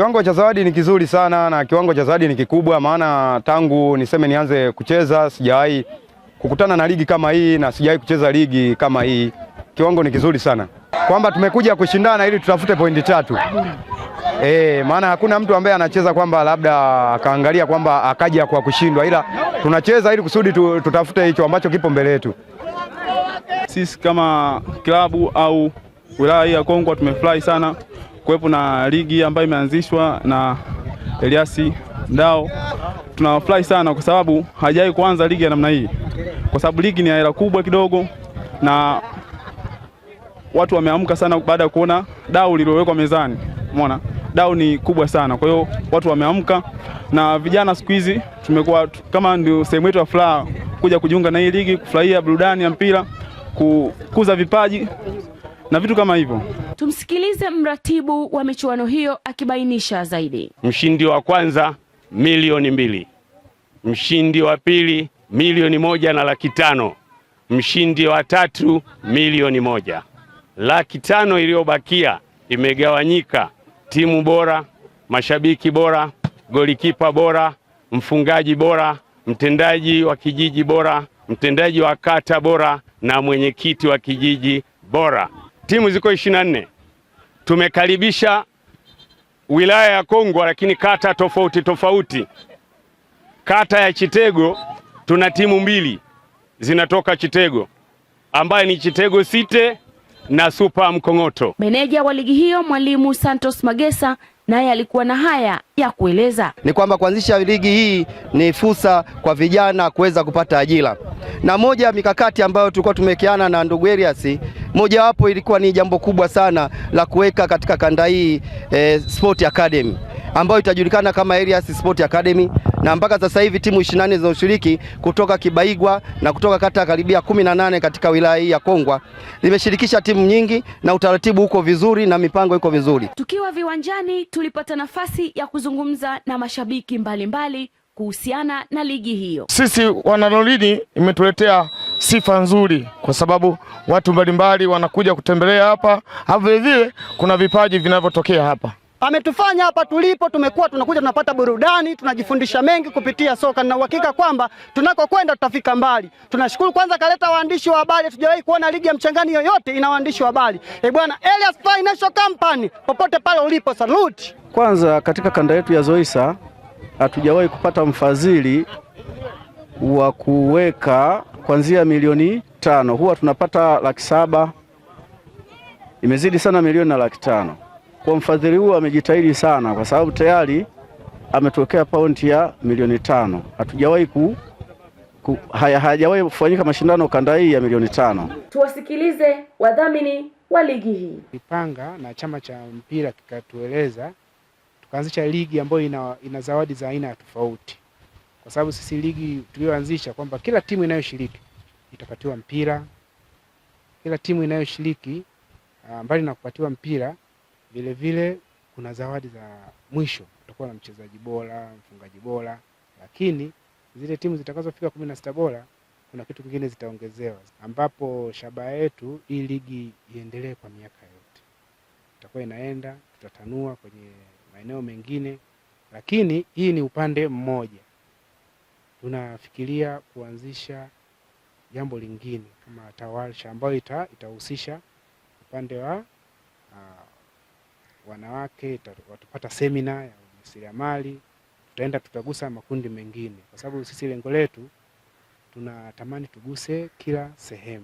Kiwango cha zawadi ni kizuri sana na kiwango cha zawadi ni kikubwa, maana tangu niseme nianze kucheza sijawahi kukutana na ligi kama hii na sijawahi kucheza ligi kama hii. Kiwango ni kizuri sana, kwamba tumekuja kushindana ili tutafute pointi tatu. E, maana hakuna mtu ambaye anacheza kwamba labda akaangalia kwamba akaja kwa kushindwa, ila tunacheza ili kusudi tutafute hicho ambacho kipo mbele yetu. Sisi kama klabu au wilaya ya Kongwa tumefurahi sana kuwepo na ligi ambayo imeanzishwa na Eliasi Ndao. Tunafurahi sana kwa sababu hajawahi kuanza ligi ya namna hii, kwa sababu ligi ni aira hela kubwa kidogo, na watu wameamka sana baada ya kuona dau lililowekwa mezani. Umeona dau ni kubwa sana, kwa hiyo watu wameamka, na vijana siku hizi tumekuwa kama ndio sehemu yetu ya furaha kuja kujiunga na hii ligi, kufurahia burudani ya mpira, kukuza vipaji na vitu kama hivyo. Tumsikilize mratibu wa michuano hiyo akibainisha zaidi. Mshindi wa kwanza milioni mbili, mshindi wa pili milioni moja na laki tano, mshindi wa tatu milioni moja. Laki tano iliyobakia imegawanyika timu bora, mashabiki bora, golikipa bora, mfungaji bora, mtendaji wa kijiji bora, mtendaji wa kata bora na mwenyekiti wa kijiji bora timu ziko 24 na nne. Tumekaribisha wilaya ya Kongwa, lakini kata tofauti tofauti. Kata ya Chitego tuna timu mbili zinatoka Chitego ambaye ni Chitego Site na Super Mkong'oto. Meneja wa ligi hiyo Mwalimu Santos Magesa naye alikuwa na haya ya kueleza. Ni kwamba kuanzisha ligi hii ni fursa kwa vijana kuweza kupata ajira na moja ya mikakati ambayo tulikuwa tumewekeana na ndugu Elias, mojawapo ilikuwa ni jambo kubwa sana la kuweka katika kanda hii eh, Sport Academy ambayo itajulikana kama Elias Sport Academy na mpaka sasa hivi timu 28 zinazoshiriki kutoka Kibaigwa na kutoka kata karibia 18 katika wilaya hii ya Kongwa limeshirikisha timu nyingi, na utaratibu uko vizuri na mipango iko vizuri. Tukiwa viwanjani, tulipata nafasi ya kuzungumza na mashabiki mbalimbali mbali kuhusiana na ligi hiyo. Sisi wanalolini imetuletea sifa nzuri, kwa sababu watu mbalimbali wanakuja kutembelea hapa, hapo vilevile kuna vipaji vinavyotokea hapa ametufanya hapa tulipo, tumekuwa tunakuja tunapata burudani, tunajifundisha mengi kupitia soka na uhakika kwamba tunakokwenda tutafika mbali. Tunashukuru kwanza kaleta waandishi wa habari, hatujawahi kuona ligi ya mchangani yoyote ina waandishi wa habari. E bwana, Elias Financial Company, popote pale ulipo, salute. Kwanza katika kanda yetu ya Zoisa hatujawahi kupata mfadhili wa kuweka kuanzia milioni tano, huwa tunapata laki saba, imezidi sana milioni na laki tano. Kwa mfadhili huu amejitahidi sana, kwa sababu tayari ametokea paunti ya milioni tano. Hatujawahi ku, ku haya, hajawahi kufanyika mashindano kanda hii ya milioni tano. Tuwasikilize wadhamini wa ligi hii. Ipanga na chama cha mpira kikatueleza tukaanzisha ligi ambayo ina, ina zawadi za aina ya tofauti, kwa sababu sisi ligi tuliyoanzisha kwamba kila timu inayoshiriki itapatiwa mpira, kila timu inayoshiriki ah, mbali na kupatiwa mpira vile vile kuna zawadi za mwisho, kutakuwa na mchezaji bora, mfungaji bora, lakini zile timu zitakazofika kumi na sita bora kuna kitu kingine zitaongezewa, ambapo shabaha yetu hii ligi iendelee kwa miaka yote, itakuwa inaenda, tutatanua kwenye maeneo mengine, lakini hii ni upande mmoja. Tunafikiria kuanzisha jambo lingine kama tawarsha ambayo ita, itahusisha upande wa uh, wanawake. Watapata semina ya ujasiriamali, tutaenda tutagusa makundi mengine, kwa sababu sisi lengo letu tunatamani tuguse kila sehemu.